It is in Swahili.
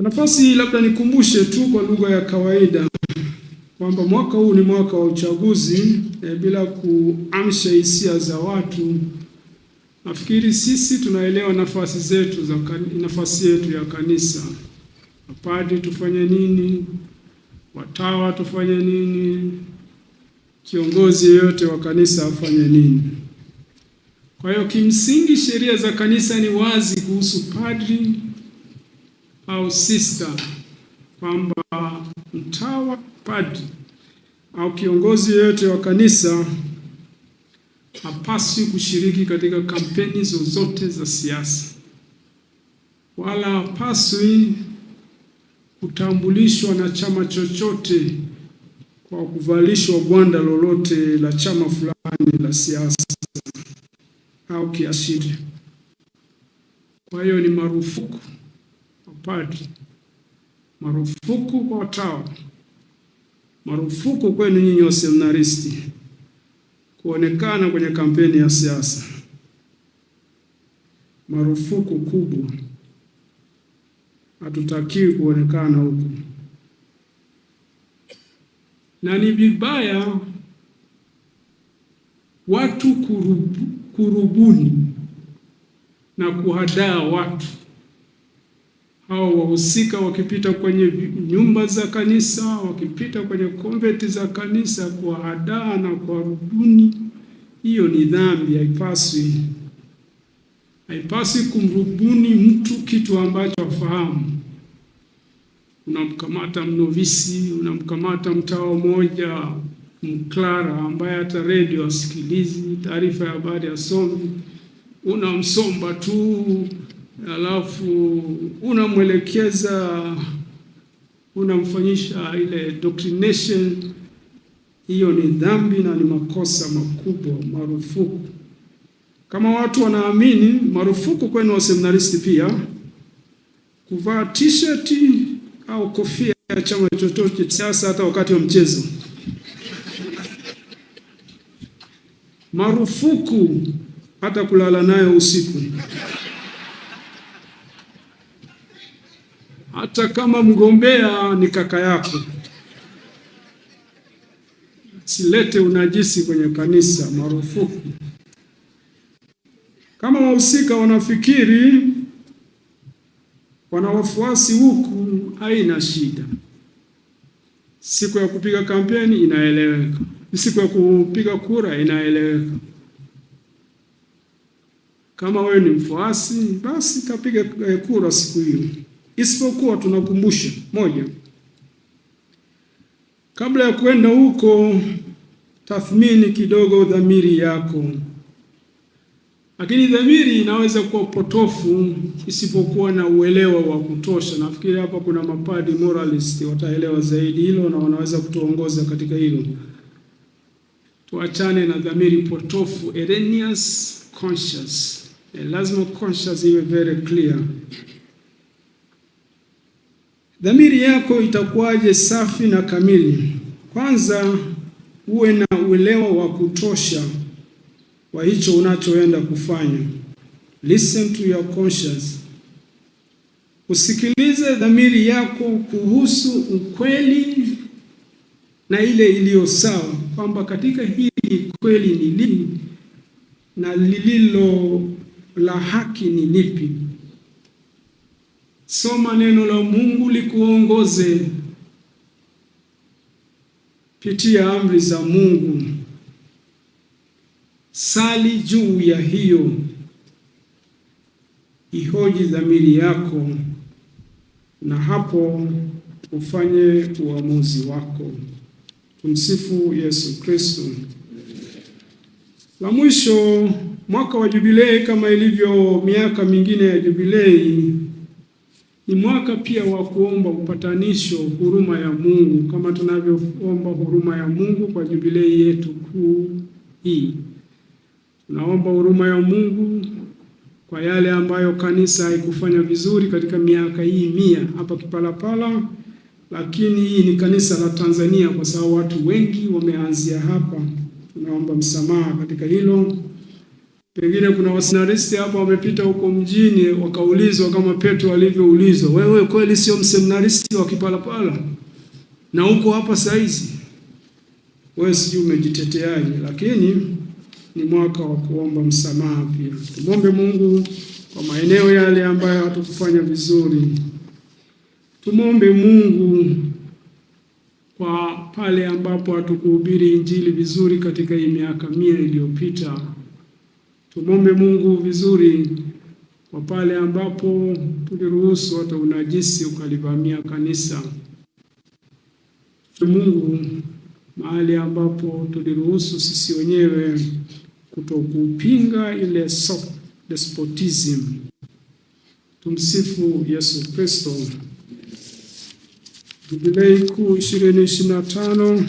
Kwa nafasi labda nikumbushe tu kwa lugha ya kawaida kwamba mwaka huu ni mwaka wa uchaguzi e, bila kuamsha hisia za watu. Nafikiri sisi tunaelewa nafasi zetu za nafasi yetu ya kanisa. Mapadri tufanye nini? Watawa tufanye nini? Kiongozi yeyote wa kanisa afanye nini? Kwa hiyo kimsingi sheria za kanisa ni wazi kuhusu padri au sista kwamba mtawa, padri au kiongozi yeyote wa kanisa hapaswi kushiriki katika kampeni zozote za siasa, wala hapaswi kutambulishwa na chama chochote kwa kuvalishwa gwanda lolote la chama fulani la siasa au kiashiria. Kwa hiyo ni marufuku mapadri, marufuku kwa watawa, marufuku kwenu nyinyi waseminaristi kuonekana kwenye kampeni ya siasa, marufuku kubwa. Hatutakiwi kuonekana huku, na ni vibaya watu kurubu, kurubuni na kuhadaa watu au wahusika wakipita kwenye nyumba za kanisa, wakipita kwenye konventi za kanisa kwa adaa na kwa rubuni, hiyo ni dhambi, haipaswi. Haipaswi kumrubuni mtu kitu ambacho afahamu. Unamkamata mnovisi, unamkamata mtawa mmoja mklara ambaye hata redio asikilizi, taarifa ya habari asomi, unamsomba tu alafu unamwelekeza unamfanyisha ile doctrination. Hiyo ni dhambi na ni makosa makubwa, marufuku. Kama watu wanaamini, marufuku kwenu waseminaristi pia kuvaa t-shirt au kofia ya chama chochote sasa siasa, hata wakati wa mchezo. Marufuku hata kulala nayo usiku. hata kama mgombea ni kaka yako. Silete unajisi kwenye kanisa, marufuku. Kama wahusika wanafikiri wana wafuasi huku, haina shida. Siku ya kupiga kampeni inaeleweka, siku ya kupiga kura inaeleweka. Kama wewe ni mfuasi, basi kapiga eh, kura siku hiyo isipokuwa tunakumbusha moja, kabla ya kwenda huko, tathmini kidogo dhamiri yako. Lakini dhamiri inaweza kuwa potofu isipokuwa na uelewa wa kutosha. Nafikiri hapa kuna mapadi moralist wataelewa zaidi hilo na wanaweza kutuongoza katika hilo. Tuachane na dhamiri potofu, erroneous conscience. Eh, lazima conscience iwe very clear. Dhamiri yako itakuwaje safi na kamili? Kwanza uwe na uelewa wa kutosha wa hicho unachoenda kufanya. Listen to your conscience. Usikilize dhamiri yako kuhusu ukweli na ile iliyo sawa, kwamba katika hili kweli ni lipi na lililo la haki ni lipi. Soma neno la Mungu likuongoze, pitia amri za Mungu, sali juu ya hiyo, ihoji dhamiri yako, na hapo ufanye uamuzi wako. Tumsifu Yesu Kristo. La mwisho, mwaka wa jubilei, kama ilivyo miaka mingine ya jubilei ni mwaka pia wa kuomba upatanisho, huruma ya Mungu, kama tunavyoomba huruma ya Mungu kwa jubilei yetu kuu hii. Tunaomba huruma ya Mungu kwa yale ambayo kanisa haikufanya vizuri katika miaka hii mia hapa Kipalapala, lakini hii ni kanisa la Tanzania, kwa sababu watu wengi wameanzia hapa. Tunaomba msamaha katika hilo. Pengine kuna wasinaristi hapa wamepita huko mjini wakaulizwa kama Petro alivyoulizwa, wewe kweli sio mseminaristi wa Kipalapala na huko hapa saizi wewe sijui umejiteteaje? Lakini ni mwaka wa kuomba msamaha pia. Tumwombe Mungu kwa maeneo yale ambayo hatukufanya vizuri, tumwombe Mungu kwa pale ambapo hatukuhubiri injili vizuri katika hii miaka mia iliyopita tumombe Mungu vizuri kwa pale ambapo tuliruhusu hata unajisi ukalivamia kanisa. Mungu mahali ambapo tuliruhusu sisi wenyewe kutokupinga ile soft despotism. Tumsifu Yesu Kristo. Jubilei kuu ishirini ishirini na tano